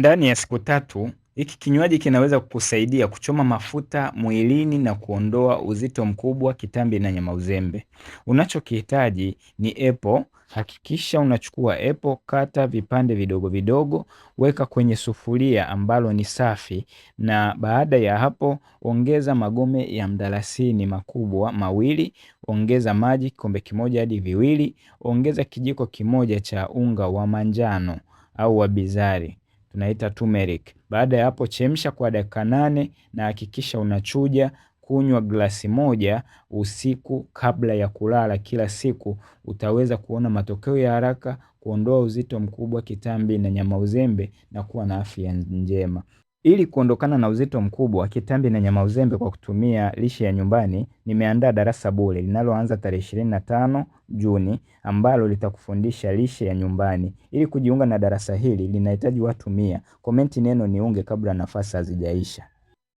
Ndani ya siku tatu, hiki kinywaji kinaweza kukusaidia kuchoma mafuta mwilini na kuondoa uzito mkubwa, kitambi na nyama uzembe. Unachokihitaji ni epo. Hakikisha unachukua epo, kata vipande vidogo vidogo, weka kwenye sufuria ambalo ni safi, na baada ya hapo ongeza magome ya mdalasini makubwa mawili, ongeza maji kikombe kimoja hadi viwili, ongeza kijiko kimoja cha unga wa manjano au wa bizari tunaita turmeric. Baada ya hapo, chemsha kwa dakika nane na hakikisha unachuja. Kunywa glasi moja usiku kabla ya kulala kila siku, utaweza kuona matokeo ya haraka, kuondoa uzito mkubwa, kitambi na nyama uzembe, na kuwa na afya njema. Ili kuondokana na uzito mkubwa, kitambi na nyama uzembe kwa kutumia lishe ya nyumbani, nimeandaa darasa bure linaloanza tarehe ishirini Juni ambalo litakufundisha lishe ya nyumbani. Ili kujiunga na darasa hili linahitaji watu mia. Komenti neno niunge kabla nafasi hazijaisha.